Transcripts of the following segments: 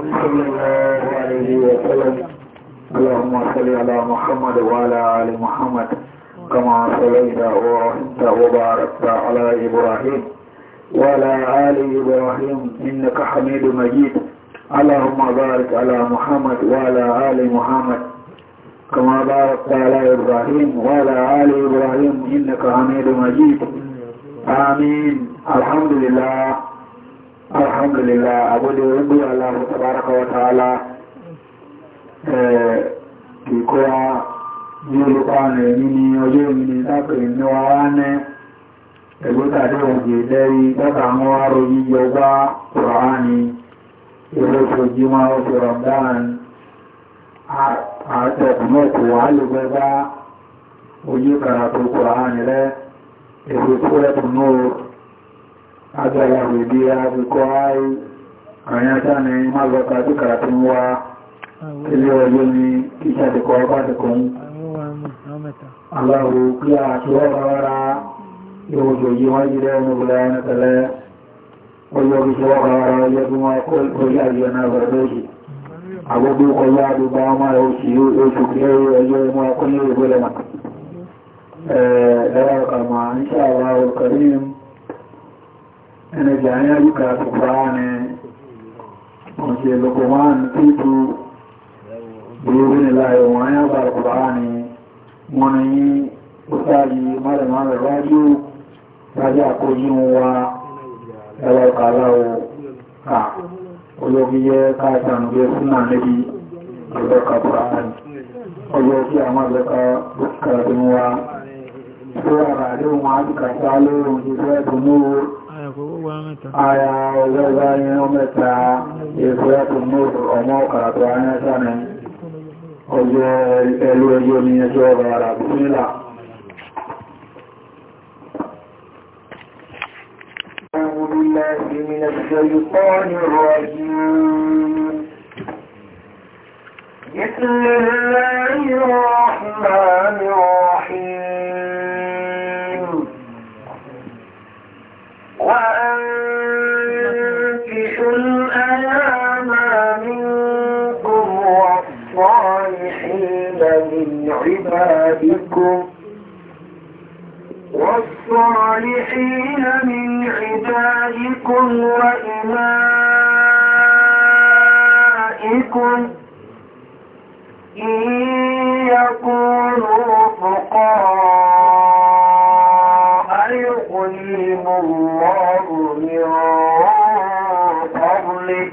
صلى الله عليه وسلم اللهم صل على محمد وعلى ال محمد كما صليت ورحمت وباركت على ابراهيم وعلى ال ابراهيم انك حميد مجيد اللهم بارك على محمد وعلى ال محمد كما باركت على ابراهيم وعلى ال ابراهيم انك حميد مجيد امين الحمد لله alhamdulillah abu da rubu Allah tabaraka wa ta'ala ke kowa yi olùkọ́ rẹ̀ nínú ọjọ́ ìmìnì tápẹ̀ ní wáwá ní ẹgbẹ́tàdé òjì lẹ́rí tọ́ta àwọn arò yíyọ wá Kùránì ìrọ́sọ̀ jímá ọ̀fẹ́ Ramadan àtẹ̀kùnmọ́kù wà agbára ìdí àbíkọ́ ayé àyàtà ni mágbàkà tí kàtí wá ilé ọjọ́ ni ìṣàdìkọ́ ọbádìkọ́ aláwò kí a kí wọ́n rárá yóò jò yí wọ́n jílẹ̀ ọmọbìnrin ọ̀nà tẹ́lẹ̀ ọjọ́ kí kí wọ́n rárá ọjọ́ bí wọ́n kọ́ ìpòlẹ̀ àjọ náà bẹ̀rẹ̀ lóṣì agbógbó ọlá àdúgbà ọmọ oṣù oṣù kí ọjọ́ ìmọ̀ akọ́lẹ̀ ẹni jàáyá yíká kòkòránì ọ̀sẹ̀ lọ́kọ̀wọ́n títù bèèrè wọ́n yá bá kòkòránì wọ́n ni òsáàrí márùn-ún rájú rájú àkójí wa ẹwà kààlá o à olóògbé káàkiri gbé súnà níbi ọjọ́ kòkòránì ọjọ́ kí àwọn àgbẹ̀kọ́ kààkiri wa tó àrà àdéhùn àyà ọ̀lẹ́gbà inú mẹ́ta ìfúyàtún mọ́rù ọmọ ọ̀kàràtọ̀ ayẹ́sà ní ọjọ́ ẹlú ẹjọ́ ní ẹjọ́ ọ̀rọ̀ àràbùsílà أعوذ بالله من الشيطان الرجيم بسم الله الرحمن الرحيم عبادكم والصالحين من عبادكم وإمائكم إن يكونوا فقراء يغنيهم الله من فضله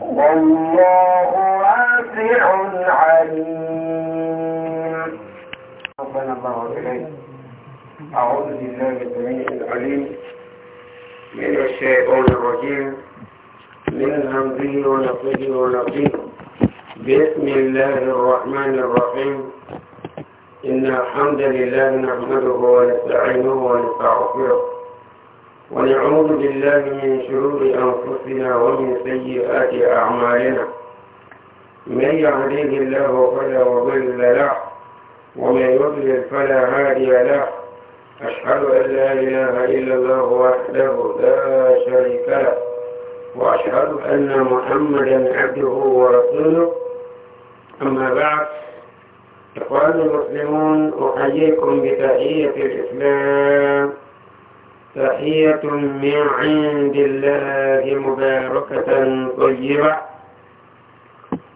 والله بالله العليم من الشيطان الرجيم من همزه ونفسه ونفسه بسم الله الرحمن الرحيم إن الحمد لله نحمده ونستعينه ونستغفره ونعوذ بالله من شرور أنفسنا ومن سيئات أعمالنا من يهديه الله فلا مضل له ومن يضلل فلا هادي له أشهد أن لا إله إلا الله وحده لا شريك له وأشهد أن محمدا عبده ورسوله أما بعد إخواني المسلمون أحييكم بتحية الإسلام تحية من عند الله مباركة طيبة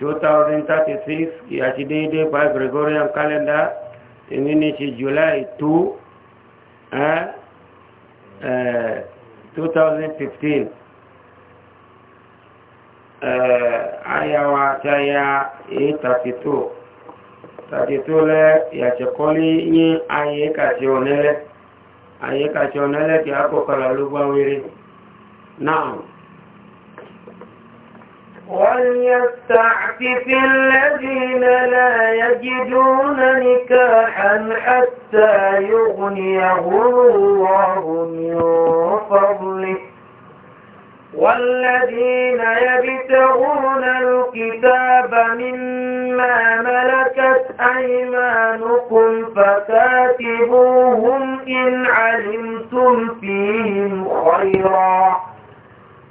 2036 kì á ti déédé by gregorian calendar èyí ní ṣe july 2 eh, eh, 2015 eh, ayawa taya 832 32 lẹ́ ìyàṣẹ̀kọ́lé yín ayé kàṣẹ ọ̀nẹ́lẹ́ ayé kàṣẹ ọ̀nẹ́lẹ́ kì á kọ̀kọ̀lá ló gbá náà وليستعفف الذين لا يجدون نكاحا حتى يغنيهم الله من فضله والذين يبتغون الكتاب مما ملكت أيمانكم فكاتبوهم إن علمتم فيهم خيرا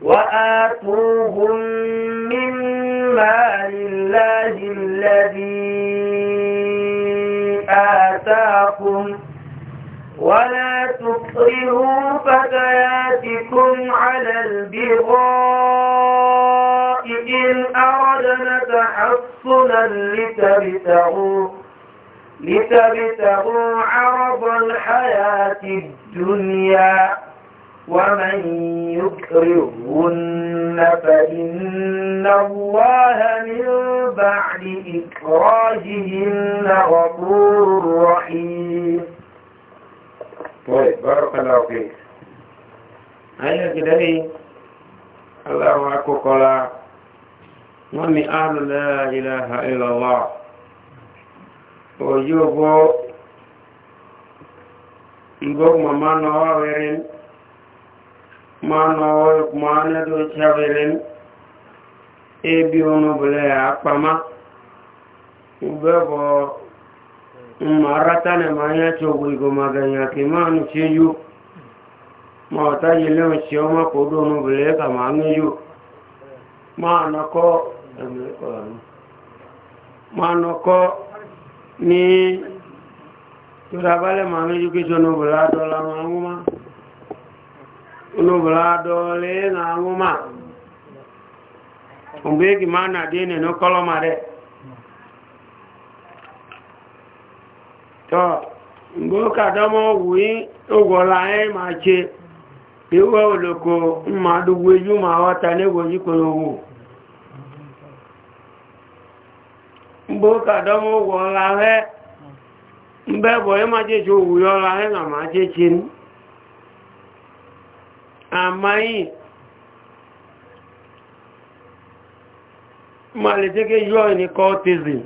وآتوهم من مال الله الذي آتاكم ولا تكرهوا فتياتكم على البغاء إن أردنا تحصنا لتبتغوا لتبتغوا عرض الحياة الدنيا ومن يكرهن فإن الله من بعد إكراههن غفور رحيم طيب بارك الله فيك أيها كدري الله أكبر ومن أهل لا إله إلا الله ويجوبوا يقول ماما نوارين mánàwọ́ mánàdó ṣàwẹ̀rẹ̀ ní ebi onúbìlẹ̀ àpamá ìgbẹ́bọ̀ mmarátánẹ̀ máa yá tí ogun ìgbòmagànyà kì máa nù tí yú ma ọ̀tá yìí lẹ́wọ̀n tí ọmọ kò dó onúbìlẹ̀ kà máa ń yú máa nọkọ́ máa nọkọ́ ní tó dábálẹ̀ máa ń yú kí tí onúbìlẹ̀ adọ́lá nubla dole na nguma umbe gimana na no koloma de to mbo ka domo wi ogola e ma che iwe oloko mmadụ dugbo eju ma ghọta n'egwo jikọrọ owu mgbe ụka dọma ụgwọ ọla he mbe bụ ịmachechi e owu ya ọla he na machechi àmáyìn ma lè jẹ́ kí yọ́ ní cultism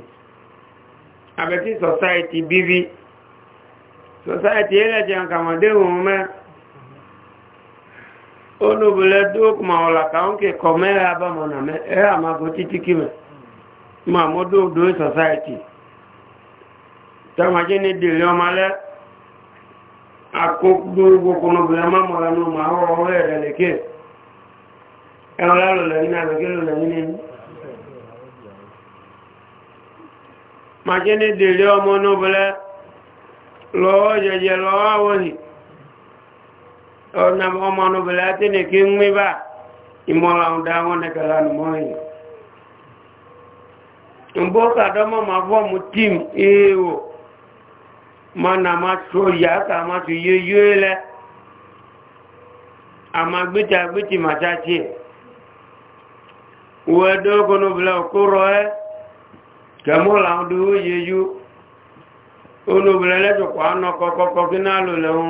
àbẹ̀kí society bíbí society ẹlẹ́jẹ̀ àkàmọ̀dé òun mẹ́ olùbùlẹ̀ dókù ma ọ̀là káúnkè kọ mẹ́rẹ̀ abámọ̀nà mẹ́ ẹ̀rẹ́ àmàkò títí kí mẹ́ ma mọ́ dóòdó society tẹ́màjẹ́ ní dèlé ọmọlẹ́ akókòrò kòrò bẹ̀rẹ̀ máa mọ̀ra ní ọmọ àwọn ọwọ́ ẹ̀rẹ̀ lẹ́kẹ́ ẹ̀rọ lárò lẹ́yìn náà lẹ́kẹ́ lò lẹ́yìn ní màjẹ́ni dèrè ọmọ náà bẹ̀rẹ̀ lọ́wọ́ jẹjẹ lọ́wọ́ àwọ̀hì ọ̀nà ọmọ náà bẹ̀rẹ̀ àti nìkí ń mẹ́bà ìmọ̀ra ọ̀dà àwọn nẹ̀kẹ̀lá nìmọ̀ yìí mbọ́kàdọ́mọ̀ máa fọ́ọ̀mù tíìmù mana ma tó yá ká ma tó yé yé a ma gbétí a gbétí ma ta tí ẹ wọ́n ẹ̀dọ́ kọ́nà bìlá kó rọ ẹ́ kẹmọ́ làwọn tó yé yé yó olùbìlẹ̀ lẹ́tọ̀kọ́ àná kọ́kọ́kọ́ kí náà lò lẹ́hún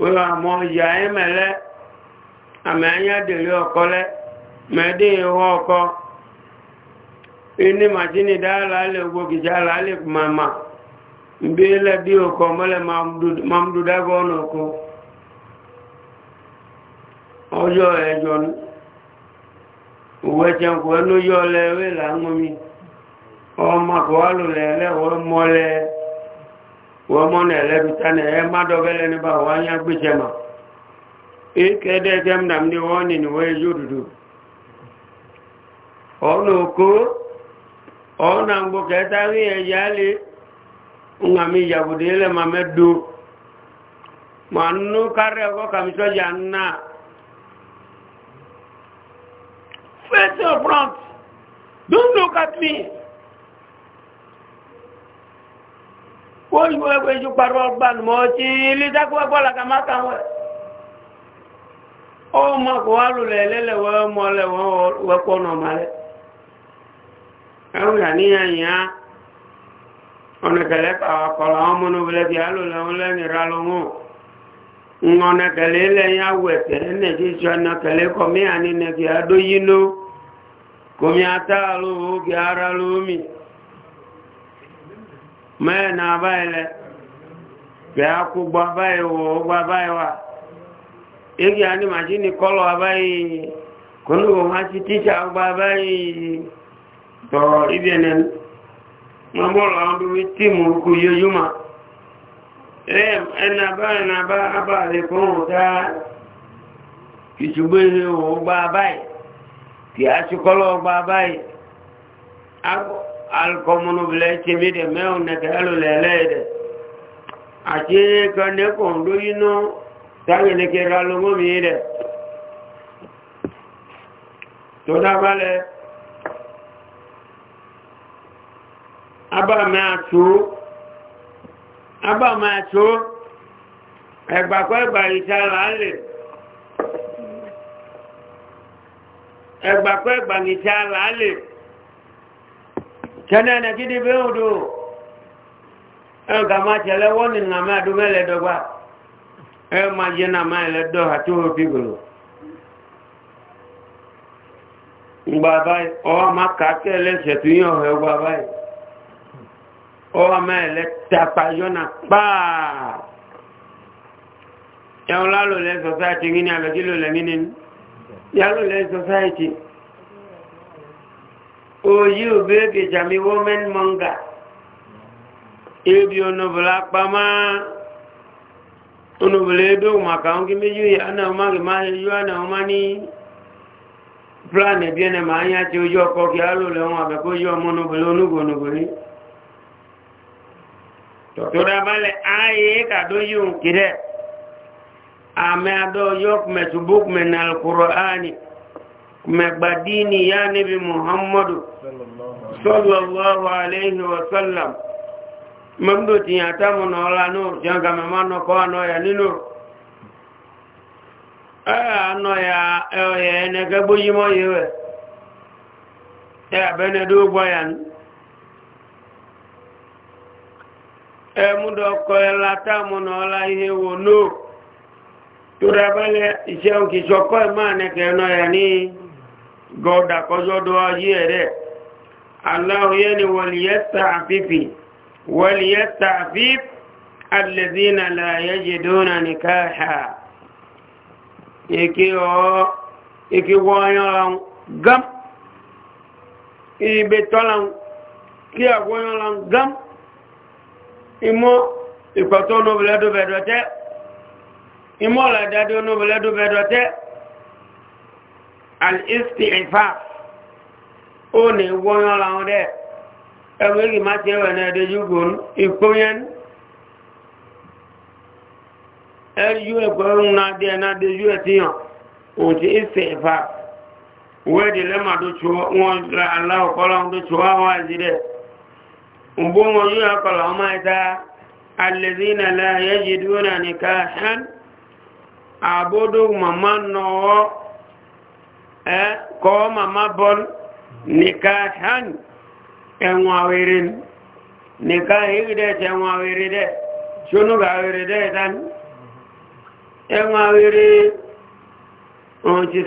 wọ́n yà mọ́ yà ẹ́ mẹ́lẹ́ àmì ẹ̀yà dèrè ọkọ lẹ́ mẹ́ẹ̀dẹ́ ìwọ́ ọkọ mbele dio ko male mamdud mamduda gono ko ojo ejon uwechen ko no yo lewe la ngomi o ma ko alu lele o mole o mo ne le e ma do bele ni ba wa e nam ni nga mi yabude ele ma meddu ma nu kare ko kam so janna face your front don't look at me ko yu e ju paro ban mo ti li ta ko ko la kama kan we o ma ko alu le le le wo mo le wo wo ko no male awon ya ni ya ọ̀nàkẹ̀lẹ́ kọ̀ọ̀kọ̀lọ̀ àwọn ọmọ náà wọlé bí i alò n'ekele lẹ́yìn ra lọ́wọ́ ọ̀nàkẹ̀lẹ́ lẹ́yìn awẹ̀tẹ̀ ẹnẹ̀kẹ̀sọ ọ̀nàkẹ̀lẹ́ kọ̀mí ànínẹ̀kẹ̀ adóyínó kọ̀mí atáàlú oge ara lómi mẹ́ẹ̀nà abáyẹlẹ kẹ́ akúgbọ abáyẹwò ọgbọ abáyẹwà egi ani màṣíìnì kọ́lọ̀ abáyẹ kọ́nùwò wọn ti tíṣà ọgbọ abáyẹ tọ̀ ibi ma bọ́ọ̀lù àwọn obìnrin tí mò ń kú yóò yúmà ẹnà bá ẹnà bá bá lè fún òun dá ìṣùgbé òun gba báyìí kì á ṣe kọ́lọ́ gba báyìí alukọ́mọ́nù bilẹ̀ ṣe mí dẹ̀ mẹ́wọ̀n nẹ̀kẹ́ alùlẹ̀ abá máa tó abá máa tó ẹgbàkọ́ ẹgbà ìta làálẹ̀ ẹgbàkọ́ ẹgbà ìta làálẹ̀ bí ó dò ẹgbà máa tẹ̀lẹ̀ wọ́n ni nà máa dún mẹ́lẹ̀ dọ́gbà ẹ máa nà máa dọ́ àti ọ máa lẹ́sẹ̀ tó yàn ọmọ ẹ̀lẹ́ tapayọ́nà pàà ẹ̀hùn lálòlẹ́ sọ́sáìtì rí ní àbẹ̀kí lòlẹ́ rí ní yálòlẹ́ sọ́sáìtì òyí òbí èkè jàmí women manga ebi onubula pàmà onubula edo màkà ń kí méjì yà ánà ọmọ rẹ̀ máa yọ ánà ọmọ ní plan ẹ̀bí ẹ̀nà máa ń yá ti ojú ọkọ̀ kí á lòlẹ́ wọn àbẹ̀kó yọ ọmọ onubula onúgbò tọ́tọ́dá balẹ̀ ayé kàdó yíò kìrẹ́ àmì àdó yóò kùmẹ̀ túbú kùmẹ̀ nà alkùrọ̀ánì kùmẹ̀ gbàdínì yá níbi muhammadu sallallahu alayhi wa sallam mọ́mdó ti yàn támù nà ọlá nù jọ́nkà mẹ́mọ́ nà ẹmúdọ̀kọ̀ ẹlátàmùnà ọlá ihe wò ló tó dábẹ́lẹ̀ iṣẹ́ òkìṣọ́kọ́ ìmáànẹ́kẹ̀ ẹ̀nà ẹ̀ ní gọ́ọ̀dà kọjọ́dọ̀ ayé ẹ̀rẹ́ aláwòyẹ́ ni wọlìyẹ́ta àfífì wọlìyẹ́ta àfíf alẹ́dínà láyẹ́jẹ̀ dónà nìkáhà ike wọ́nyọ́lan gam ibe tọ́lan kí àwọ́nyọ́lan gam imọ́ ìpàtọ́ onóbìlẹ́dọ́bẹ̀dọ́tẹ́ imọ́ ọ̀làdádé onóbìlẹ́dọ́bẹ̀dọ́tẹ́ àìsí ìfà ó ní wọ́nyọ́ làwọn dẹ́ ẹgbẹ́ kì má tiẹ̀ wẹ̀ náà ẹ̀dẹ́júgbò ìkóyẹn ẹ̀yú ẹ̀gbọ́n náà dé náà dẹ́jú ẹ̀ tíyàn òun ti ìsí ìfà wẹ́ẹ̀dì lẹ́màdó tó wọ́n ra aláwọ̀ kọ́lá وبوم ويوك العمائدة الذين لا يجدون نكاحا عبدوا ممن نوو kọ́ mama bọ́l nìkáhán ẹ̀wọ̀n àwèrè nìkáhìrì dẹ̀ tẹ ẹ̀wọ̀n àwèrè dẹ̀ ṣónúgbà àwèrè dẹ̀ ìdání ẹ̀wọ̀n àwèrè ọ̀n ti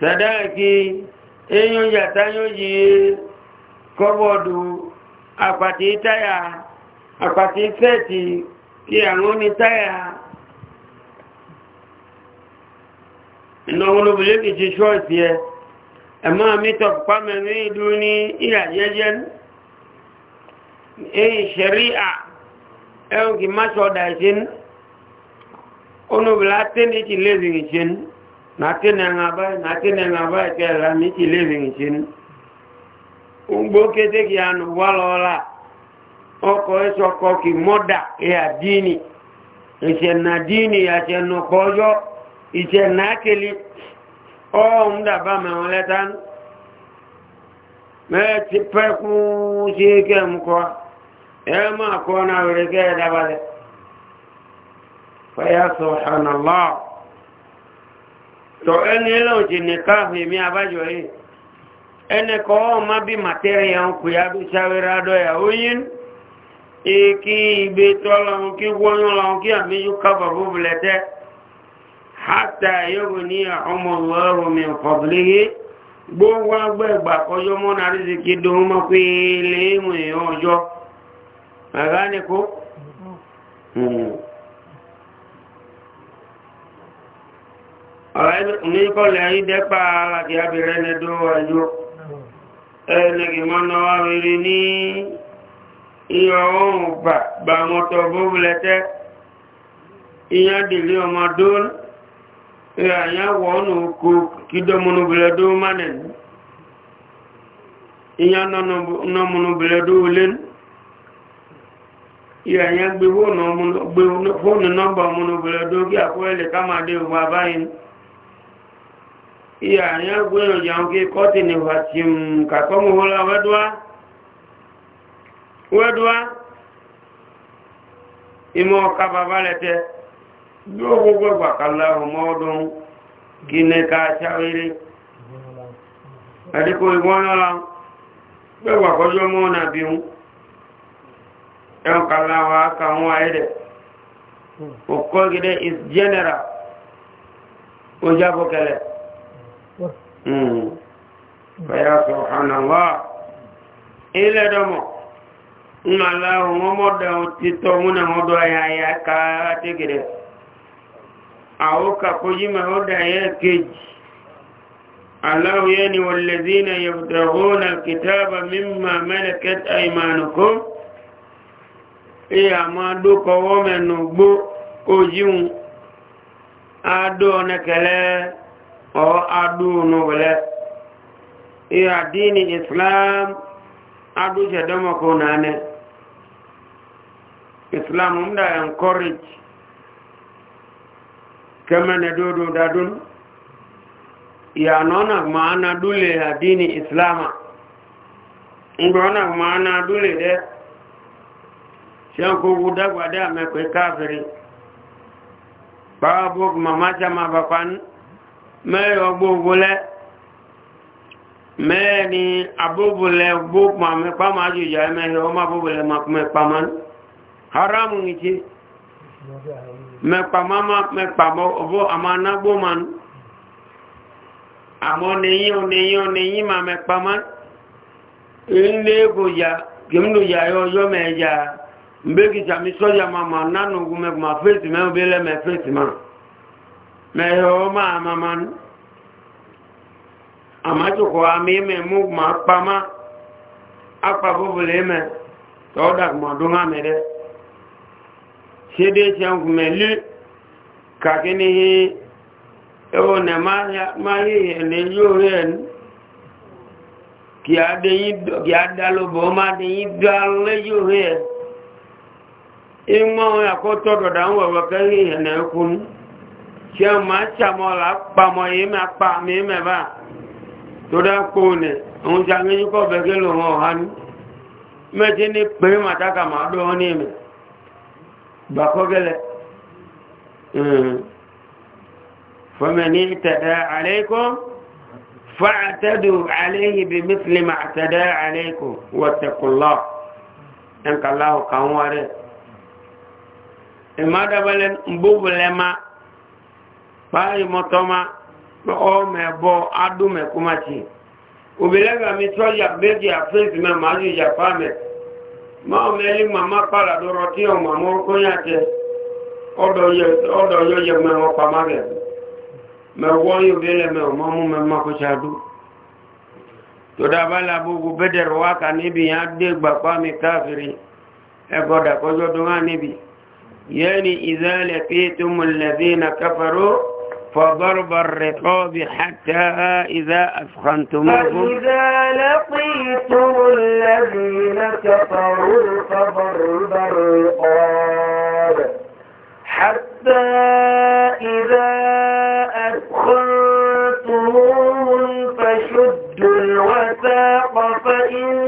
sàdáàkì eyín yàtá yóò yí kọ́bọ̀dù àpàtì táyà àpàtì sẹ́ẹ̀tì kí àwọn omi táyà ìnáwó lóbìnrin kìí ṣe ṣọ́ọ̀sì ẹ ẹ̀mọ́ mítọ̀ pàmẹ́rin ìlú ní ìyàjẹ́jẹ́ èyí ṣẹ̀rí à ẹ̀hùn kìí má ṣọ́ọ̀dà ìṣẹ́ ní onúbìnrin àtẹ́ndìtì lè rìn ìṣẹ́ ní Na ẹ̀hàn abáyé nàkínà ẹ̀hàn abáyé kẹrẹ mi ti lé mi ṣe ní gbogbo kétékì ànú wà lọ́la ọkọ̀ ẹ̀ṣọ́kọ̀ ya mọ́dà ẹ̀yà díìnì ìṣẹ̀nà díìnì àṣẹ̀nà pọ́jọ́ ìṣẹ̀nà kele ọ̀hún dàbà mẹ́wọ́n lẹ́ta mẹ́ẹ̀ ti pẹ́ kún sí kẹ́mù kọ́ ẹ̀ máa kọ́ náà rẹ̀ kẹ́ ẹ̀ dábàlẹ̀ fẹ́yà tọ ẹni ẹlẹ́wọ̀n ti ní káàfù èmi abájọ yìí ẹni kọ́ ọmọ bí màtẹ́rìyàn kù ya bí sáwẹ́rẹ́ adọ́yà oyin ìkí ìgbé tọ́lọ́run kí wọ́nyún lọ́run kí àmìyú kábà búbulẹ̀ tẹ́ hátà yóò ní ọmọ lọ́rùn mi fọ̀bìlì gbogbo mọ́nà àríṣe kí pé ọjọ́ ní kọlẹ̀ yìí dẹ́pà láti abìrẹ́ nẹ́dọ́ ẹjọ́ ẹnìyàn mọ́nà wá rírí ní ìyọ̀ ohun bà mọ́tọ̀ bóbulẹ́tẹ́ ìyàn dìlé ọmọ dún ìyàwó ọ̀nà kò kídọ̀mọ́nubìlẹ́dọ́ mánẹ̀ ìyàn nọ́mọ́nubìlẹ́dọ́ olén iya anya gwenyo jangi koti ni watim kakomu hola wedwa wedwa imo kababalete dogo gwegwa kallahu maudun gine ka shawiri adiko igwonola gbegwa kojo mo na biun yan kallahu aka wọn ayede okogide is general bẹ́yà sọ̀hánàwà ilẹ̀ dọ́mọ̀ ń aláhùn wọ́n mọ́dọ̀ títọ́ múnà mọ́dọ̀ ayáyá káà tẹ́gẹ̀rẹ̀ àwọ́kà kó yí ma ó dáyẹ kejì aláhùn yẹ́ ni wọ̀lẹ̀dí na yẹ̀bùdàgún alkitaba mímọ̀ mẹ́lẹ̀kẹ́t àìmánukún o adunu wale iya dini islam adu je dama ko nane islam umda encourage kama ne dodo dadun ya nona maana dule ya dini islama ngona maana dule de shanko gudagwa da me kafiri babu mama jama bakwan mẹ́rin ọgbogbo lẹ́ mẹ́rin abóbulẹ̀ gbogbo àmẹ́pá máa jù ìjà mẹ́rin ọmọ abóbulẹ̀ mẹ́pá máa haramu ní tí mẹ́pá máa mẹ́pá ọbọ́ ma máa ní àmọ́ nìyí nìyí nìyí máa mẹ́pá máa ilé gòjà kìmínú yà ọjọ́ mẹ́jà mbẹ́kìtà ma sọ́jà máa máa mẹ́rọ ọmọ ma àmájòkò àmì ìmẹ̀ mú ma pàmá apàbòbòlè ìmẹ̀ tọ́ọ̀dà mọ̀dún àmẹ́rẹ́ ṣédé ṣẹ́kùnmẹ̀lú kàkí ní ẹwọ nẹ máa yí yóò rẹ̀ kí a dá lóbọ̀ ọmọ yóò rẹ̀ ìmọ̀ ń wọ̀wọ̀ tí ma máa la pamọ́ yìí máa pa mi mẹ́ bá tó dá kó nẹ̀ òun ló hàn mẹ́tí ní máa ọ́ ní ìmẹ̀ fọmẹ́ni tẹ̀dẹ̀ àlẹ́kọ́ fàtẹ́dù àlẹ́yìn bí àlẹ́kọ́ wọ́tẹ̀kùlọ́ kàwọn báyìí mọ́tọ́má ọmọ ẹ̀bọ́ adúmẹ̀kúmàtì òbílẹ́gbà mi tọ́jà méjì àfẹ́sì mẹ́ máa yìí yàfá mẹ́ máa mẹ́lí màmá pàdàdọ́rọ̀ tí ọ màmá kóyàtẹ ọdọ̀ yọyẹ mẹ́wọ́ pàmà rẹ̀ mẹ́wọ́ yóò bẹ́lẹ̀ mẹ́wọ́ mọ́ mú mẹ́má kó ṣáájú tòdábàlà gbogbo bẹ́dẹ̀rọ̀ wá kà níbi yẹn á dé gbàpá mi káàkiri ẹgbọ́dà kọjọ́ tó wá níbi yẹ́ni ìzẹ́lẹ̀ pé tó mọ̀lẹ́dínà káfàró فضرب الرقاب حتى إذا أثخنتموه فإذا لقيتم الذين كفروا فضرب الرقاب حتى إذا أثخنتموهم فشدوا الوثاق فإن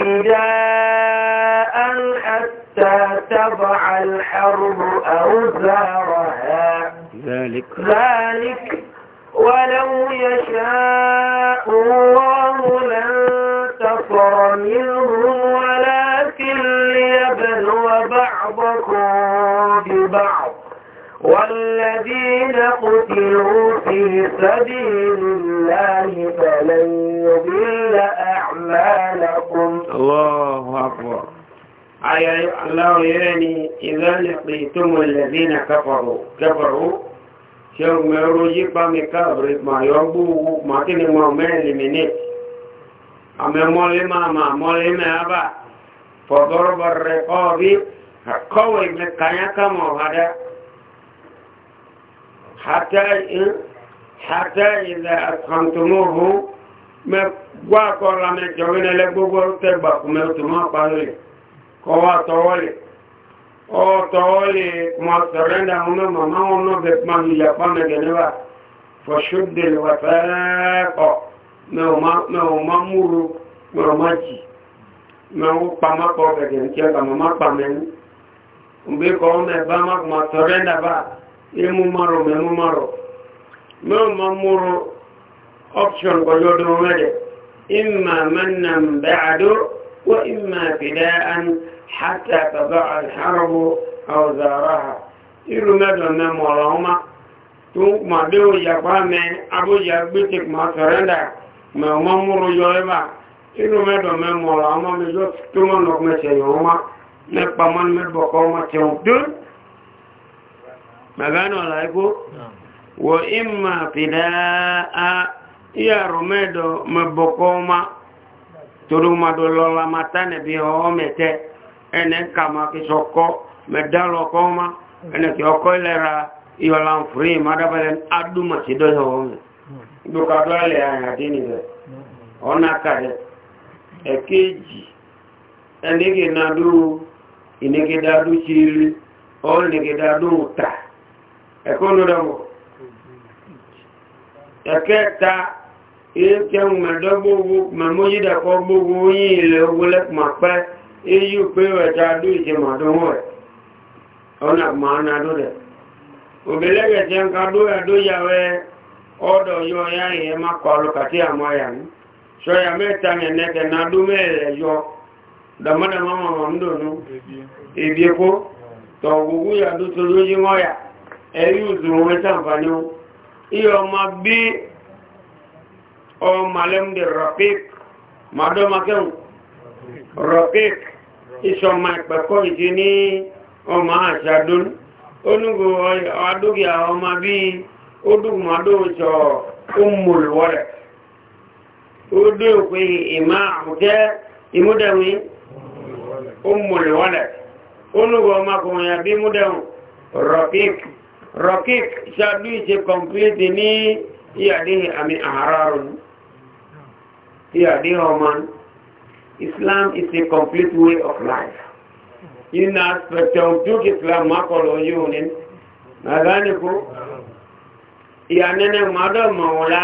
ابتداء حتى تضع الحرب أوزارها ذلك ذلك ولو يشاء الله لانتصر منهم ولكن ليبلو بعضكم ببعض والذين قتلوا في سبيل الله فلن يضل أعمالكم الله أكبر أي الله يعني إذا لقيتم الذين كفروا كفروا شو مروجي بامي كابر ما يربو ما تني ما مالي مني أما ما ماما ما أبا. فضرب الرقاب قوي مكانيا كم هذا حتى إن hata idha athantumuhu mekwa me mejogene le gbogbo tegba kume otuma pale ko wa towole o towole mo surrender mo mama ono ma mi ya pa me genewa fo shudde le wa ko no ma ma muru ma ji na ma ko be ma mẹ́wọ́n ma múrò option pẹ̀lọ́dún mẹ́rẹ̀ imma mannan ba'du wa imma fida'an hatta taba al-harbu aw zaraha irú mẹ́dọ̀ mẹ́mọ̀ ọ̀rọ̀ọ́má tó ma dé o yàgbá mẹ́ abójà gbẹ́tẹ̀ ma sọ̀rẹ́ndà mẹ́wọ́n ma múrò yọ ẹ̀bà irú mẹ́dọ̀ mẹ́mọ̀ ọ̀rọ̀ọ́má mẹ́jọ tó mọ̀ nọ mẹ́sẹ̀ yọ̀ọ́má ọmọ tẹ̀wọ̀n dún wa imma fidaa iya romedo mabokoma turuma dolola matane bi omete ene kama kisoko medalo koma ene kioko ilera iyolan free madabalen aduma sido home duka dole aya dini de ona kare ekeji enege nadu inege dadu chiri o nege dadu uta ekono mo. ẹ̀kẹta ìkẹun mẹ́dọ́gbogbo mẹ́mójídẹ̀kọ́ gbogbo yìí ilẹ̀ ogunlẹ̀ pàpẹ́ iyú pé ẹ̀ta dú ìjẹmọ̀dúnwó ẹ̀ ọ̀nà màánà dó rẹ̀ òbílẹ̀gẹ̀ tí ń ká yọ ya ìyẹn má sọ́yà mẹ́ta nẹ̀nẹ́kẹ̀ náà mẹ́rẹ̀ yọ dàmọ́dàmọ́ ìbí yàdó wọn iyo mabbi o oh, malem de rapik mado makem rapik iso ma pe o oh, ma shadun onugo adugi a o oh, mabbi odu mado jo ummul wala odu ima onugo ma bi rapik rọ̀kík ṣáàdú ìṣe kọ̀m̀pìlìtì ní ìyàdí àmì àhárárùn ìyàdí ọmọ islam is a complete way of life in aspect of duk islam makọlọ yóò ní nàgáníkú ìyànẹ́nẹ́ mọ́dọ̀mọ̀ wọlá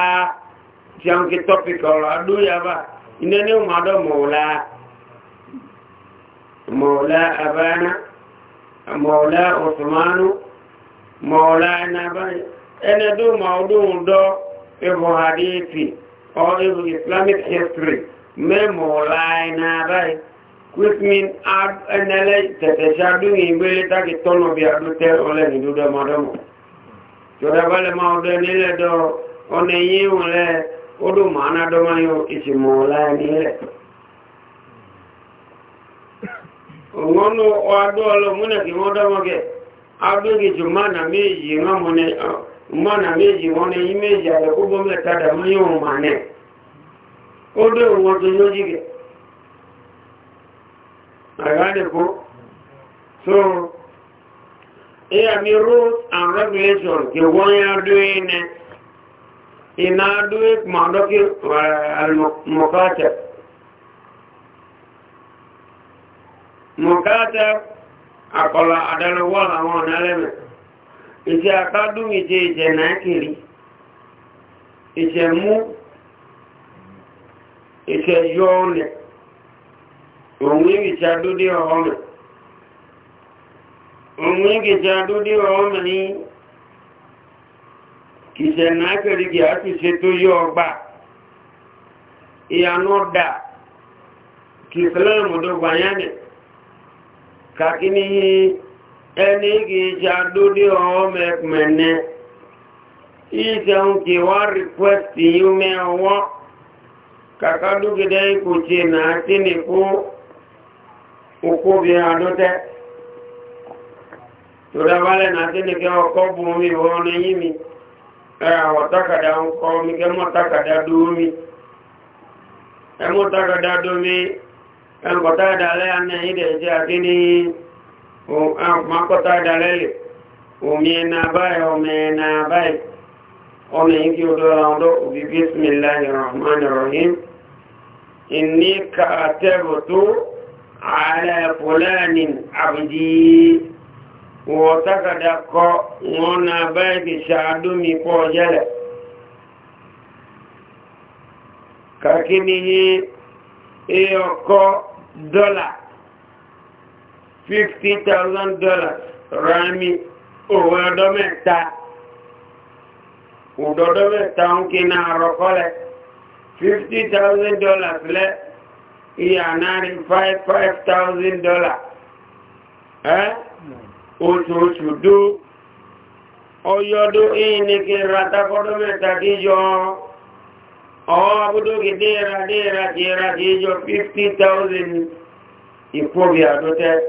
tí a ń kí topic ọ̀rọ̀ adúyàbá ìnẹ́nẹ́ mọ́dọ̀mọ̀ wọlá mọ̀ọ́lá abáná mọ̀ọ́lá ọ̀tọ̀mánú مولانا باي انا دو موضوع دو ابو حديثي او ابو اسلامك هيستوري ما مولانا باي which mean ad analyze تتشادو يبلي تاكي تونو بيادو تير ولا ندو دا مدامو تدا بالي موضوع نيلة دو ونيي ولا odò màánà dọ́mà yóò ìṣìmọ̀ láì nílẹ̀ òun ọ̀nà ọ̀dọ́ ọlọ́múnẹ̀ kí wọ́n dọ́mọ́gẹ̀ẹ́ agbègbè jù mánà méjì wọ́n ní yí méjì àlẹ́kúgbọ́ mẹ́tàdà mọ́ yóò mà nẹ́ ó dé òun tó yóò jígẹ̀ àgbádẹ́kú so ìyàmí rules and regulations kí wọ́n yá dúé ní iná dúé mọ̀ọ́dọ́kí mọ̀kátẹ̀ mọ̀kátẹ̀ akọlọ àdánawọ́ àwọn ọ̀nà lẹ́mẹ̀ ìṣe àkádùn ìṣe ìṣẹ̀ náà kiri ìṣẹ̀ mú ìṣẹ̀ yọ ọ̀nà òun ìṣẹ̀ àdúdé ọ̀ọ́mà òun ìṣẹ̀ àdúdé ọ̀ọ́mà ní ìṣẹ̀ náà kiri kì á tó yọ ọgbà ìyànú ọ̀dà kìsìlẹ̀ mọ̀dọ̀gbà yánẹ̀ kakini ẹni gíjì àdúdí ọwọ́ mẹ́kùnmẹ́nẹ́ ìṣẹ́un kí wá rìkwẹ́sì yíò mẹ́ọwọ́ kakadúgidẹ́ ikú tí náà tí ní kú òkú bí àdútẹ́ tòrẹ́wálẹ̀ náà tí ní kí ọkọ́ bú mi wọ́n ní yí mi ẹ̀wọ̀ tákàdá ń kọ́ mi kẹ́mọ́ tákàdá dúró mi ẹmọ́ tákàdá dúró mi ẹnukọ̀tà ìdàlẹ́ àmì ìdẹ̀ jẹ́ àti ní ọmọkọ̀tà ìdàlẹ́ lè omi ẹ̀nà báyìí omi ẹ̀nà báyìí ọmọ yìí kí o dọ́ra ọdọ́ òbí bísmìláì rọ̀hánirọ̀hìn ìní kàtẹ́bùtú ààrẹ fúlẹ́ẹ̀nì àbùdí wọ́tàkàdà kọ wọn Dollar fifty thousand dollars rami owó ọdọ mẹ́ta ọdọdọ mẹ́ta ń kí náà rọ́kọ́lẹ̀ fifty thousand dollars lẹ́ ìyànnárí five five thousand dollars ẹ́ oṣooṣù dó ọyọ́dún ìyìnlẹ́kẹ́ ratakọ́dọ́ mẹ́ta kí yọ ọ́ àwọn abúdókè déra déra déra déjọ 50,000 ìpòbí àdótẹ́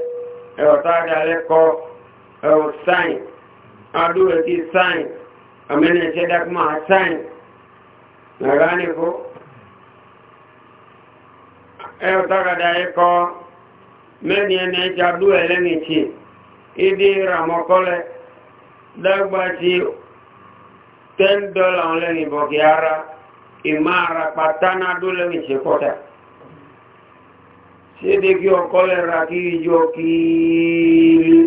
ẹ̀ọ̀tá àdálẹ́kọ́ ẹ̀ọ̀ sáìn adóòtí sáìn àmìnàṣẹ́ dákùnmá sáìn nàrá nìkó ẹ̀ọ̀tá àdálẹ́kọ́ mẹ́ni ẹni ẹja dú ẹlẹ́mìtì ìdí ìràmọ́kọ́lẹ̀ dágbàtí 10 dọ́là ọ̀lẹ́nìbọ̀kì ara ìmára pàtánà dólẹ̀ ìṣẹ́kọ́ta ṣe dé kí ọkọ́ lẹ́ra kí ìjọ kìírí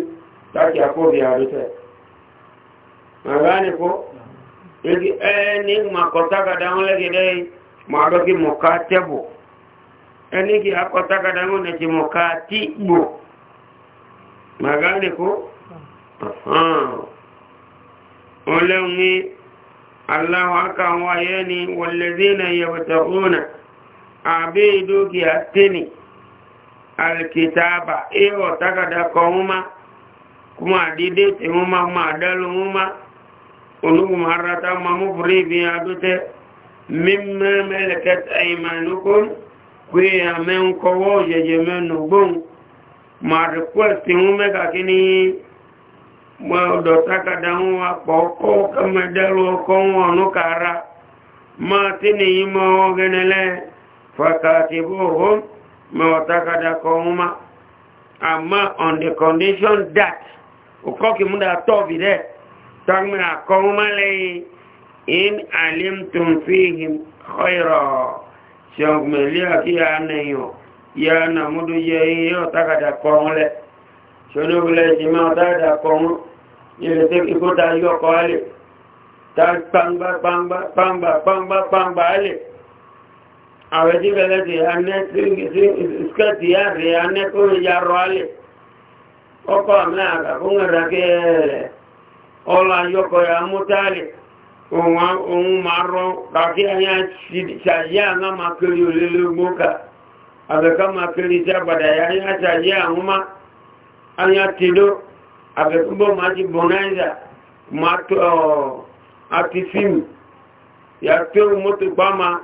láti àkóbì àrútẹ̀ màbá nìkó ẹni makọ̀tákàdá wọn lẹ́gẹ̀dẹ́ màdọ́kí mọ̀ká tẹ́bù ẹni kí akọ̀tákàdá wọn lẹ́kí mọ̀ká tígbò màbá nìkó hmm. ọlẹ́wọ̀n الله أكا وياني والذين يبتغون عبيدوك يأتني الكتاب إيو تكدكهما كما ديدتهما ما دلهما ونقم هرتا ما مفري بيادته مما ملكت أيمانكم كويا من قوو جمن نبون ما ركوستهما كاكني mọ́ ọ̀dọ̀ tákàdá wọn apọ̀ ọkọ̀ kẹmẹ́dẹ́lú ọkọ̀ wọn ọ̀nù kára mọ́ tí nìyí mọ́ ọgẹ́nẹ́lẹ́ fàkàtìbò hó mọ́ tákàdá kọ́ wọn má àmọ́ on the condition that ọkọ̀ kì mú dà tọ́ọ̀bì dẹ́ tọ́gbìn àkọ́ wọn má lẹ́yìn in alim fihim khayra ṣe ọgbẹ̀lẹ́ àti yà á nẹ̀yìn yà á nà múdú yẹ yọ tákàdá kọ́ wọn ṣonúbulẹ̀ ìjìmá dáadáa kọ mú ilẹ̀ tí ikú ta yọkọ̀ alẹ̀ ta pàǹgbà pàǹgbà pàǹgbà pàǹgbà pàǹgbà alẹ̀ àwẹ̀ tí bẹ̀rẹ̀ ti anẹ́ skẹ́tì yá rẹ̀ anẹ́ kó ya rọ alẹ̀ ọkọ̀ àmì àkàkùn rẹ̀ kẹ́ ọlọ ayọkọ̀ ya mútà alẹ̀ òun máa rọ kàkí ayá ṣàyẹ́ àná máa kiri olélógbó ká àbẹ̀ká máa kiri sábàdà yá ṣàyẹ́ àwọn máa anya tido abekumbo maji bonanza mato uh, atisim ya to mutu bama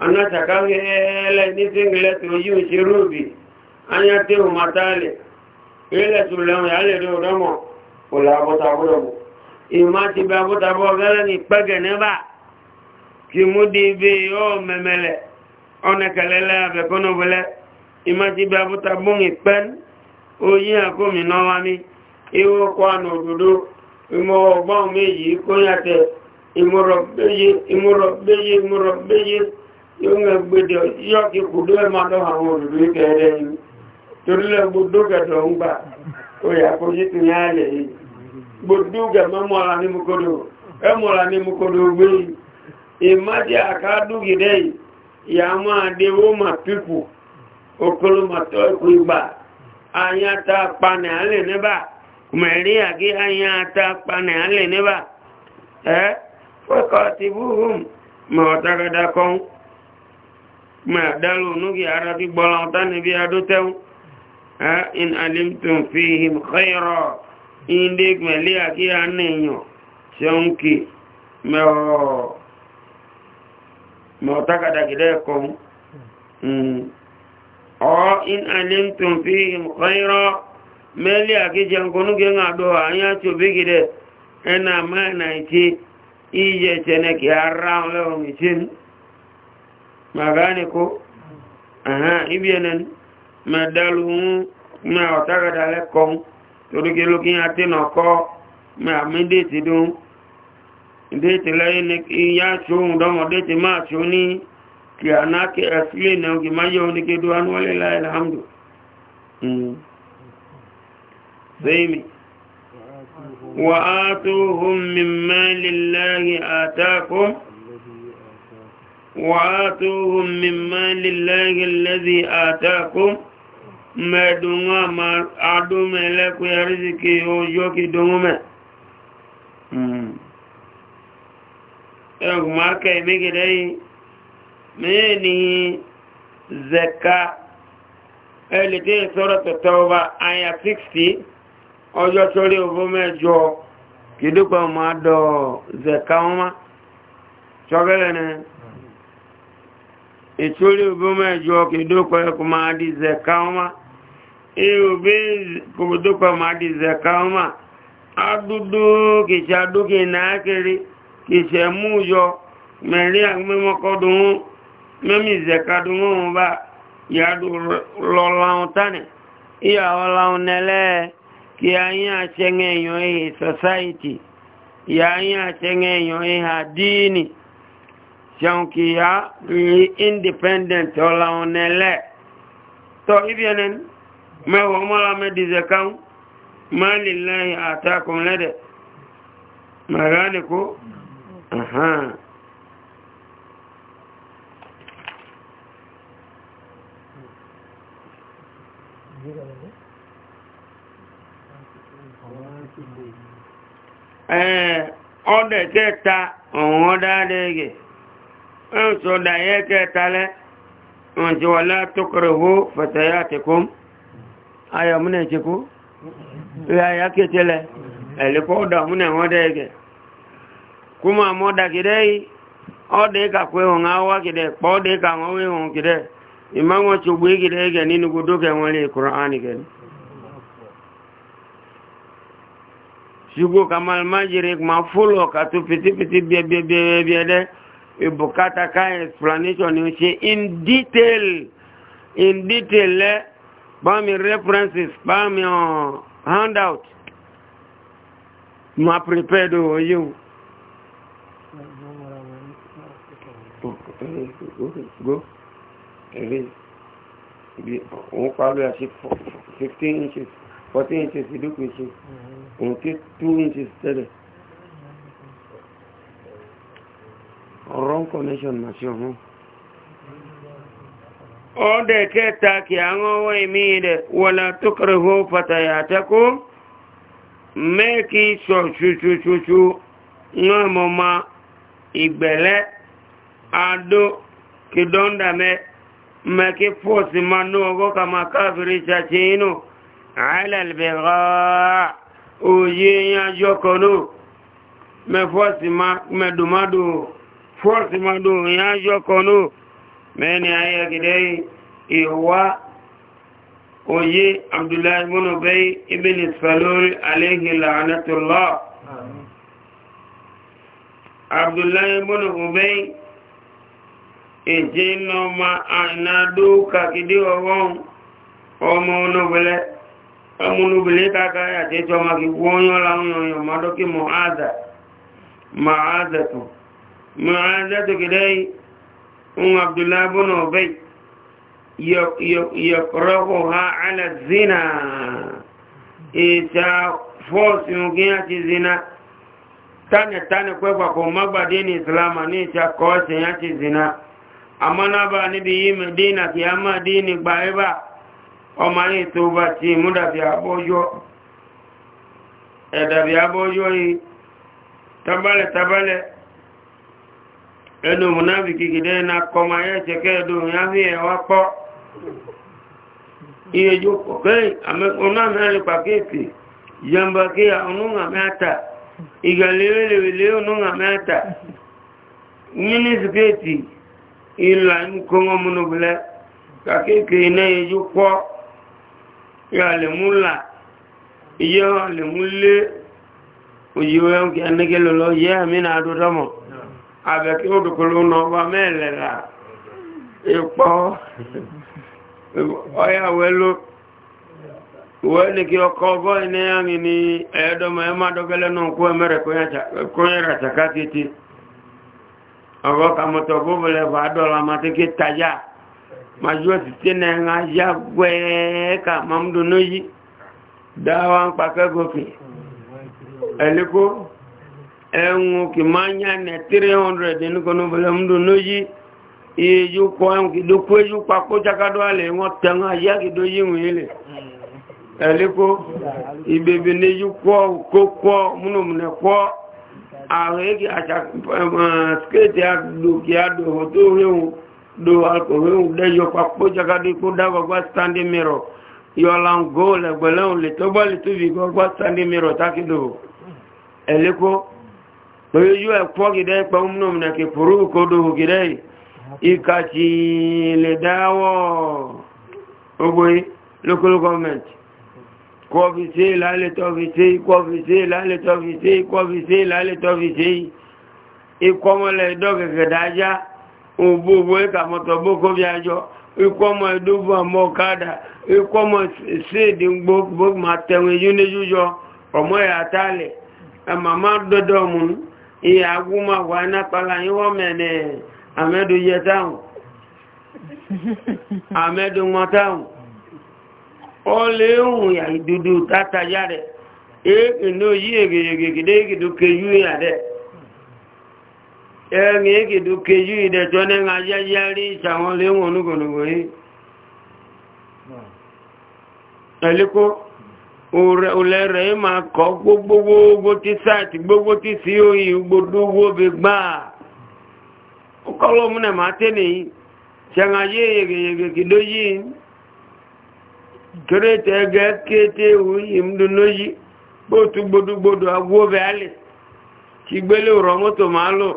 anata kangele ni single to yu shirubi anya te matale ele tulam ya le do ramo ola bota bodo imati ba bota bo gele ni pege ne ba ki mudi o memele ona kalele abekono bele imati ba bota bungi pen. onye akụmi n'ọnwami mi ụkwa na obodo imọgbọmeji ikonyate imụrọbeji imụrọbeji imụrọbeji yóò gbèdè yọ́ kí kùdó ẹ máa lọ́wọ́ àwọn òrùrù kẹrẹ yìí torílẹ̀ gbogbo gẹ̀dọ̀ ń gbà ó ti yá rẹ̀ gbogbo gẹ̀mọ́ ayata pane ale neba kumeli agi ayata pane ale neba eh fakatibuhum mawtakada kon ma dalu nugi arabi bolanta ne bi adotew eh in alimtum fihim khaira inde kumeli agi anenyo chonki maw mawtakada gide kon mm or in alimtum fihim khayra meli akije ngonu genga do anya chubigide ena mana ichi ije chene ki arra leo michin magane ko aha ibienen madalu ma otaga dale kon ma iya ma kí anáàkì ẹ̀sílẹ̀ náà kí máa yọ ní kédú anúwálé láìláàmdù zéèmì wà á tó hún mímẹ́ lílẹ́rí àtàkó wà á tó hún mímẹ́ lílẹ́rí lẹ́zí àtàkó mẹ́dùnwà máa máa kẹ́ ìmẹ́gẹ̀dẹ́ yìí mini zeka elide suratu tauba aya 60 ojo sori obo mejo kidupa ma do zeka ma chogele ne ìtúrí obo mejo kidupa kuma di zeka ma e obe ma di zeka ma adudu kìsàdúkì náà kiri kìsẹ̀mú yọ mẹ́rin àgbẹ̀mọ́kọ́dún mẹ́mí ìzẹ̀kadù mọ́wọ́n bá yàdù lọ́láhùn tánì ìyàwó láhùn nẹ́lẹ́ kí ayín àṣẹ́gẹ́ èèyàn ihe society yà ayín àṣẹ́gẹ́ èèyàn ihe àdínì ṣeun kì yá ní independent ọláhùn nẹ́lẹ́ tọ́ ibi ẹni mẹ́wọ́ mọ́lá mẹ́dìzẹ̀káhùn má lè lẹ́yìn àtàkùn lẹ́dẹ̀ mẹ́rẹ́ ọdẹ kẹta ọ̀hún ọdá adẹ́gẹ̀ ẹ̀sọ́ dàyẹ kẹta lẹ́ wọ́n ti wà látọ́kọrọ̀ hó fẹ̀tẹ̀yà tẹ̀kọ́ ayọ̀múnẹ̀ tẹ̀kọ́ ìyá kẹtẹ lẹ ẹ̀lẹ́kọ́ ọdọ̀múnẹ̀ wọ́n kúmọ̀ yìí ọdẹ imanwa chogbe gida ya gani ni gudu ga wani ƙura'ani gani shigo kamar majiri ma fulo ka tu fiti-fiti biya-biya-biya da ibukata ka explanation ni ṣe in detail in detail le ba mi references ba mi uh, handout ma prepared o yiwu go ilé ibi òun parí àṣẹ 15 inches 14 inches ìdúkù ìṣe mm-hmm. òun tí 2 inches tẹ́lẹ̀ wrong connection màṣẹ ọ̀hún ọdẹ kẹta kí àwọn ọwọ́ ìmí rẹ̀ wọ́la tó kẹrẹ hó fàtàyà àtẹ́kù mẹ́kí sọ ṣuṣuṣuṣu wọ́n mọ̀ ma ìgbẹ̀lẹ́ adó kìdọ́ndàmẹ́ mẹ́kí fọ́sí ma ní ọgọ́ ka ma káàfìrí ṣàṣẹ inú àìlẹ̀lẹ̀bẹ̀rọ òye yánjọ́ kọ̀nù mẹ́fọ́sí ma dò yánjọ́ kọ̀nù mẹ́ni ayẹ́gidẹ́ ìwá òye abdullahi múnú bẹ́ èjì iná ọmọ àìnàdó kàkìdí ọwọ́n ọmọ onúbìlẹ̀ kàkà àtẹ́tọ́ ọmọ kìkú ọyán láwọn ọyàn mọ́dọ́kí mọ̀ áàdà ma áàdàtọ̀ ma áàdàtọ̀ kìdẹ́ ohun abdullabun ọ̀bẹ́ yọ̀kọ̀rọ̀kọ̀ ha alàzínà ìta fọ́ọ̀sì ogin àti zina tánẹ̀tánẹ̀ pẹ́pàpọ̀ mọ́gbàdé ní ìsìlámà ní ìta kọ́ọ̀sì àti zina amanaba níbi yí mẹ́dínà kí a máa dín ní gba ẹbà ọmọ yìí tó bá ti múdàbí abọ́jọ́ ẹ̀dàbí abọ́jọ́ yìí tabalẹ̀ tabalẹ̀ ẹnu múnábì kìkìdẹ́ na kọmọ ayẹ́ ṣẹ̀kẹ́ ẹ̀dùn ya fi ẹ̀wà pọ́ iye jù kọ̀kẹ́ ọ̀nà mẹ́rin pàkẹ́ẹ̀kì yamba kí ọ̀nà mẹ́ta ìgbàlẹ́lẹ́lẹ́lẹ́ ọ̀nà mẹ́ta ila nkongo munu bile kakeke ina yeju kwa ya le mula iyo le mule ujiwe mki anike lolo ye amina adotamo abe ki utukulu nomba mele la yukpo oya welu uwe ni kiyo kogo ine yangi ni edo maema adokele nukwe mere kwenye rachakakiti kwenye rachakakiti ọ̀rọ̀ kàmọ̀tọ̀ bóbulẹ̀ bá dọ́la ma tẹ́kẹ́ tajà ma yọ títí náà ń ajá gbẹ́ẹ́ ká mamdu náà yí dáwà ń pàkẹ́ gòkè ẹ̀lẹ́kọ́ ẹ̀hùn kì máa ń yá nẹ̀ 300 nínú kan bóbulẹ̀ mamdu náà yí iye yóò kọ́ ẹ̀hùn kì dókú ẹ̀yú pakó jákàdọ́ àlẹ́ wọn tẹ̀hùn ajá kì dó yí wọ̀nyí lẹ̀ ẹ̀lẹ́kọ́ ìbèbè ní yí kọ́ kó múnàmúnà kọ́ àwọn èkì àṣàkéètì àdòkì àdòhò tó ríhun do alkohol dẹ́yọ papọ̀ jákàdé kó dáwọgbá standing mirror yọ́la ń gó lẹ̀gbẹ̀lẹ́hùn lè tó bá lè tóbi gbọ́gbá standing mirror tákìdò ẹ̀lẹ́kọ́ pẹ̀lú yóò ẹ̀kọ́ gidẹ́ pẹ̀ múnàmùnà kì fúrú kó dòhò gidẹ́ ìkàtí lè dáwọ́ ogbóyí local government kọfíṣe lálẹ́ tọ́fíṣe kọfíṣe lálẹ́ tọ́fíṣe kọfíṣe lálẹ́ tọ́fíṣe ikọ́mọlẹ̀ ìdọ́gẹ̀gẹ̀ dájá òbòbò ìkàmọ̀tọ̀ bókó bí ajọ́ ikọ́mọ̀ ìdóbò àmọ́ kádà ikọ́mọ̀ séèdì gbogbo ma tẹ̀wọ̀n yú ní yúyọ ọmọ ìyàtálẹ̀ màmá dọ́dọ̀ mú ìyá agúnmọ̀ wà nápàlà yíwọ́ mẹ́rin àmẹ́dù yẹ táwọn àmẹ́dù wọn táwọn ọlẹ́ ohun yà ìdúdú tátayá rẹ̀ èkìní oyí ègègègèdè yà ní ayẹyẹ rí ìṣàwọn léwọn onúgbònúgbò yìí ẹ̀lẹ́kọ́ òlẹ́rẹ̀ máa kọ́ gbogbogbò tí sáàtì gbogbo tí sí oyin gbogbo tore te ga kete wu yim du noji bo tu bo du bo du a wo be ale ki gbele ro mo to ma lo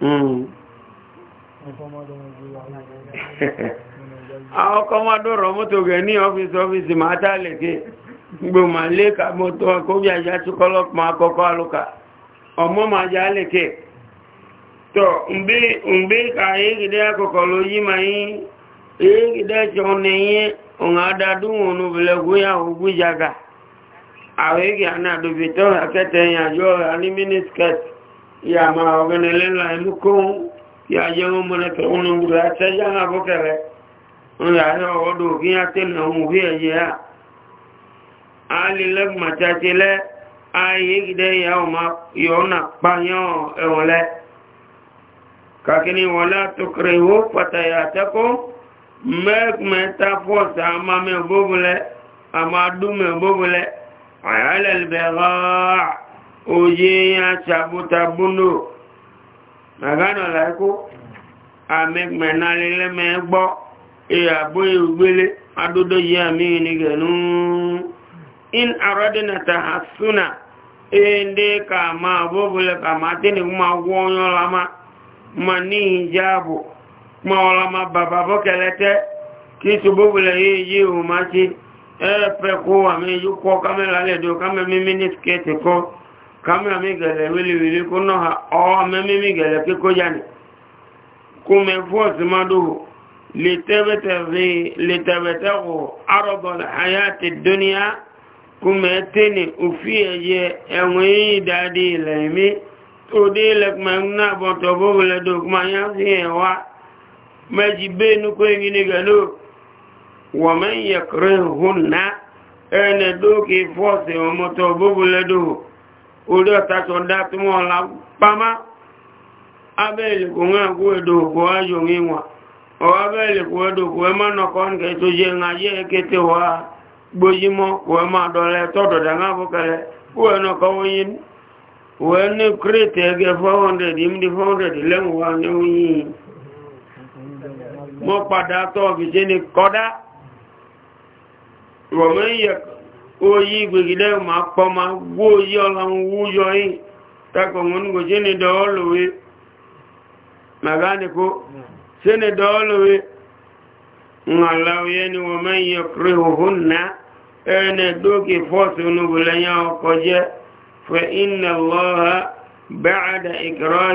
hmm a o ko ma do ro mo to ge ni office office ma ta le ke gbo ma le ka mo to ko bi aja tu ko lo ma ko ko lu ka o mo ma ja le ke to mbi mbi ka e ge de a ko ko lo yi ma yi egi dace wannan yi unga dadun wani bulagu ya hugu jaga a wege ana dubitar hakatan ya jo ani miniskat ya ma oganelin laimukun ya jẹun mọ̀lẹ́tẹ̀ orin wùrẹ̀ àtẹ́já àbúkẹ̀rẹ̀ orin àyọ́ ọdún òfin àtẹ́lẹ̀ ohun òfin ẹ̀yẹ mgbe ekume ta pụọ saa ama m ebovu lụọ ama adu m ya ha na-elebe ha oyi ya chabutabuno ma ga-anọ na ya kụ ama ekume n'ala eme ya egbọ abụọ adodo yi ami ya enyige nụụ ịnụ ara n'atahụ asuna ịdị ka maa bovu lụọ ama adị n'egwu ma wụọ ya ọla ama ma n'ihi ndị ahụ. mọ́ọ̀lọ́mà bàbá bọ́kẹ̀lẹ́tẹ́ kí ṣubúbulẹ̀ yìí yí o máa ṣe ẹ́ẹ̀pẹ́ kó àmì yíò kọ́ kámẹ́lá lẹ́dọ̀ kámẹ́mí mínísíkẹ́tì kọ́ kámẹ́mí gẹ̀lẹ̀ wíliwíli kó náà ọ́ọ̀mẹ́mí gẹ̀lẹ̀ kíkó jáde kó mẹ́ fọ́ọ̀sì má dóhù lẹ́tẹ̀bẹ̀tẹ̀kù arọ́bọ̀lẹ̀ yá sí ẹ̀wà maji benu ko yin ni galo wa man yakrihunna ene do ki force o moto bubule do o do ta to da tu mo la pama abel ko nga ko do ko o abel ko do ko ma no kon ke to je nga je te wa gbojimo ko ma do le to do da nga bo kale ko no ko yin ge 400 di 400 ne mọ́ padà tọ́ọ̀gì ṣe ni kọ́dá wọ̀mọ́ yẹ oyí gbègidẹ́ ma pọ́ ma wó yí ọlọ́run wú yọ yìí takọ̀ wọn kò ṣe ni dọ́ọ̀lọ́wé màgánìkó ṣe ni dọ́ọ̀lọ́wé ńláwé ni wọ̀mọ́ yẹ kúrò òhún náà ẹni dókè fọ́ọ̀sì onúbùlẹ́yìn ọkọ̀ jẹ́ fẹ́ iná lọ́ha bẹ́ẹ̀ àdá ìkìrọ̀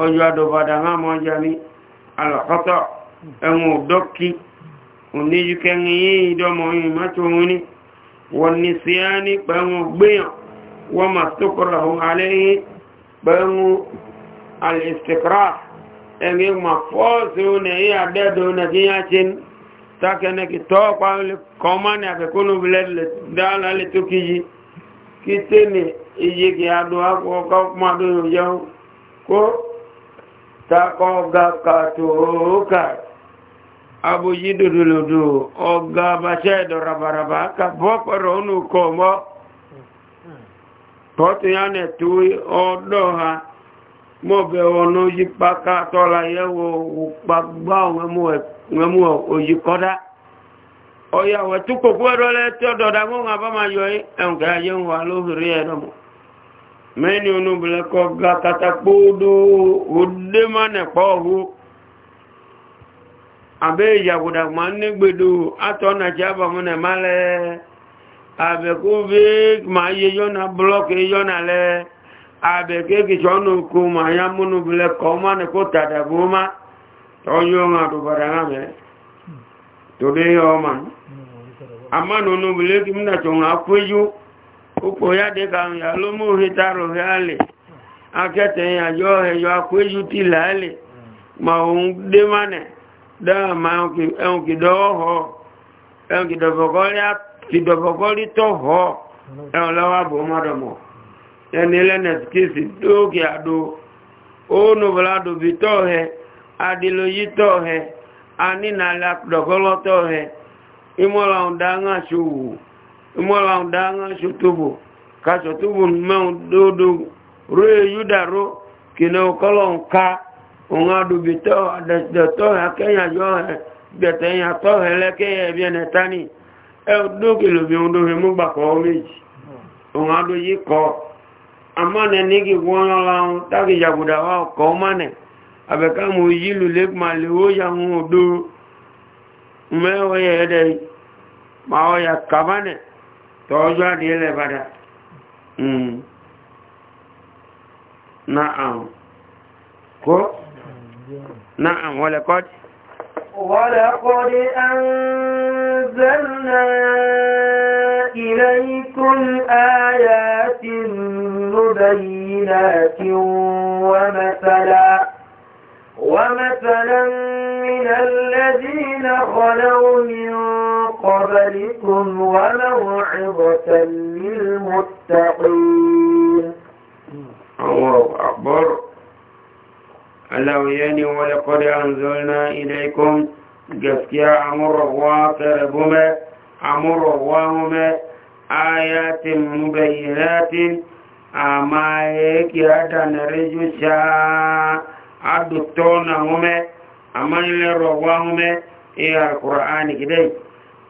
ọjọ́ àdọ̀bàdà máa mọ́ ọjà ní alọ̀kọ́tọ̀ ẹ̀wọ̀n òdọ́kí oníjúkẹ́rin yìí ìdọ́mọ̀ yìí mọ́tò wọn ni wọ́n ni sí á ní pẹ̀lú gbéyàn wọ́n ma sókòrò ọ̀hún alẹ́ yìí pẹ̀lú alìsìkra ẹ̀mí ma fọ́ọ̀sì òun èyí àdẹ́dọ̀ nàìjíríà ṣe ń sákẹ́nẹ́kì tọ́ọ̀pá takọ́gakàtòókà aboyi dòdòdòdò ọgá abaṣẹ́ ìdọ̀rabaraba ka bọ́ pẹ̀rọ ọ̀nà kọ̀ mọ́ tọ́tù ya nẹ̀ tó ọdọ́ ha mọ́bẹ̀ ọ̀nà oyi pàkà tọ́la yẹ́wọ̀ òpàgbà ọ̀mẹ́mú oyi kọ́dá ọ̀yàwẹ̀ tó kòkó ẹ̀rọ lẹ́tọ́ dọ̀dà mọ́ mẹ́ni kọ ga katakpó odó odé má nẹ̀pọ̀ ọ̀hú abẹ́ ìyàwòdà ma ń nígbèdò atọ́nà tí a bà mú nẹ̀ má lẹ́ abẹ́kú bí ma yé yọ́nà blọ́kì yọ́nà lẹ́ abẹ́kéèkì tí ọ́nà òkú ma yá múnúbìlẹ́kọ́ má nẹ̀kọ́ tàdàbó má tọ́jú ma dùbàdà náà mẹ́ ọmọ ụkpụ ya dị ka ya alụmhetarụ ali akete ya yọ ọhịa akwa ejutila ali ma demane dama ẹnkìdọ̀bọ̀kọ́rí tó họ ẹ̀hùn lọ́wọ́ bò mọ́dọ̀mọ̀ ẹni lẹ́nẹ̀sì kìsì tókè àdó ónùbọ̀ládò bí tọ́ ẹ̀ adìlóyí tọ́ ẹ̀ anínàlẹ́ àdọ̀kọ́lọ́tọ́ ẹ̀ ìmọ̀lá mọ́lá dáná ṣòtóbò ká ṣòtóbò mẹ́un dódó ró èyúdàró kìnnà ọkọ́lọ̀ ń ká òun àdùbì tọ́ àdẹ̀tọ́ akẹ́yàjọ́ gbẹ̀tẹ̀yàtọ́ ẹlẹ́kẹ́yà ẹ̀bí ẹ̀nẹ̀ tání ẹ dókèlòbí ohun dóhe mú gbàkọ́ méjì òun àdó yí kọ́ amánẹ̀ ní kí wọ́n lọ́la ń tákì jàgùdà wá ọkọ̀ mánẹ̀ àbẹ̀ká mo yí lulẹ̀ màlẹ̀ ó yà ń odó mẹ́wọ́ yẹ̀ ẹ̀dẹ̀ màá ọ̀yà kàmánẹ̀ tọ́jọ́ àdìyẹ lẹ́bàdà na àwọn kó na àwọn lẹ́kọ́dì ولقد أنزلنا إليكم آيات مبينات ومثلا ومثلا من الذين خلوا من قبلكم وموعظة للمتقين الله أكبر الأويان ولقد أنزلنا إليكم جسكيا أمر واقربهما أمر واهما آيات مبينات أما هيك هذا نرجو شاء adutona hume amanile rowa hume e alqur'ani kidai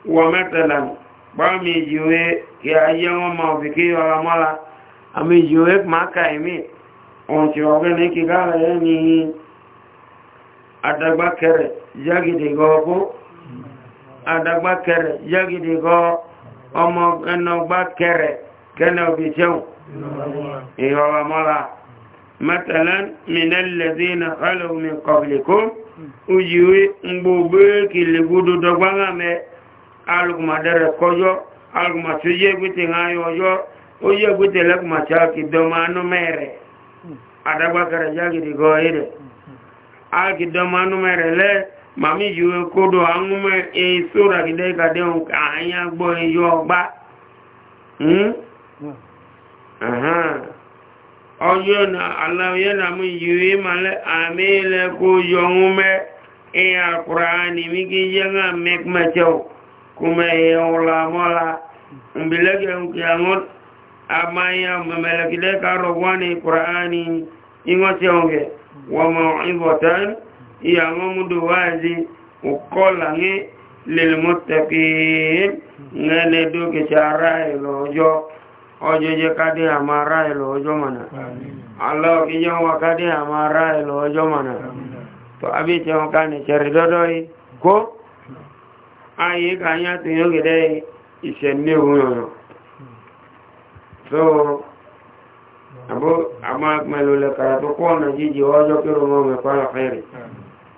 wa matalan ba mi jiwe ya ayan ma ofiki wa mala ami jiwe ma kai mi on ti oge ni ki gala ni adagba kere jagide gogo adagba kere jagide go ọmọ ẹnọgbá ìhọ̀wà mọ́ra مثلا من الذين خلوا من قبلكم ujiwe mgbogbo kele gudu dogbanga me aluguma dere kojo aluguma tuje gwite nga oye gwite laguma chaki doma anu mere adagba kara jagi di goire alki le mami kodo angume e sura gide kade unka gbo ọjọ́ na aláwọ̀yẹ́ na mú yìí malẹ̀ àmì ilẹ̀ kó yọun mẹ́ ìyà kùrà ní mí kí yẹ́ngà mẹ́kmẹ́tẹ́w kú mẹ́ ìyẹ̀wò làmọ́la ìbílẹ̀kẹ̀ ń kí àwọn àmáyà mẹ́mẹ́lẹ̀kìlẹ̀ kárọ̀ wọ́n ní kùrà ní ìwọ́tẹ́wọ̀n wọ́n mọ̀ ìbọ̀tán ìyà wọn mú dùwáàzí òkọ́ ojo je kadi amara elo ojo mana alo kinyo wa kadi amara elo ojo mana to abi je on kan cheri dodoi ko ai ganya tinyo gede isenne uyo so abo ama melo le kara to ko na ji ji ojo kero mo me pala feri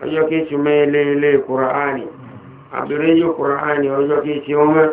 ojo ke chume le le qur'ani abire yo qur'ani ojo ke chume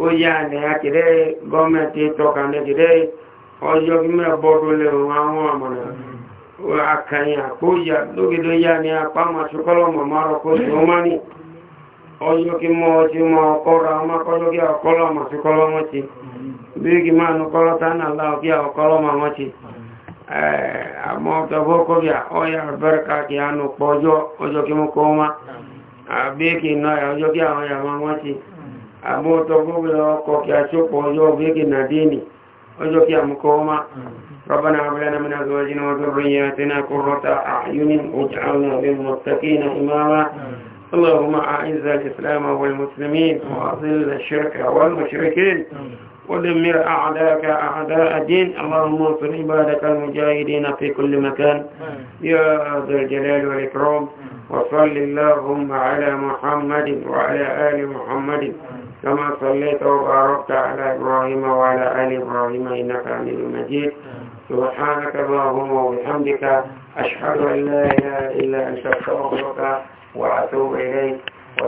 oya ni a kere gọọmenti ịtọka na-ekere ọjọ mmiri bọọdụ lere nwa ahụ amụrụ aka ya kpo ya n'oge dị ya ni a kpa ma chukwara ọmụ mara ọkụ si ọma ni ọjọ gị ma ọjọ ma ọkọrọ ọma kọrọ gị ọkọrọ ma chukwara ọmụ chi biri gị ma anụkọrọ ta na ala gị ọkọrọ ma ọmụ chi ee ama ọtọgbọ ọkọ gị a ọya abịarịka gị anụ kpọjọ ọjọ gị ma ọkọ ọma abịa gị nọ ya ọjọ gị ahụ ya ma ọmụ chi àmọ́ ọ̀tọ̀gbọ́n ọkọ̀ kí a ṣọ́pọ̀ ọjọ́ ọgbẹ́gẹ̀ nàdínì ọjọ́ kí a mú kọ́ ọmá ربنا هب لنا من ازواجنا وذرياتنا قرة اعين واجعلنا للمتقين اماما اللهم اعز الاسلام والمسلمين واذل الشرك والمشركين ودمر اعداءك اعداء الدين اللهم انصر عبادك المجاهدين في كل مكان يا ذا الجلال والاكرام وصل اللهم على محمد وعلى ال محمد كما صليت وباركت على إبراهيم وعلى آل إبراهيم إنك عميد مجيد سبحانك اللهم وبحمدك أشهد أن لا إله إلا أنت أستغفرك وأتوب إليك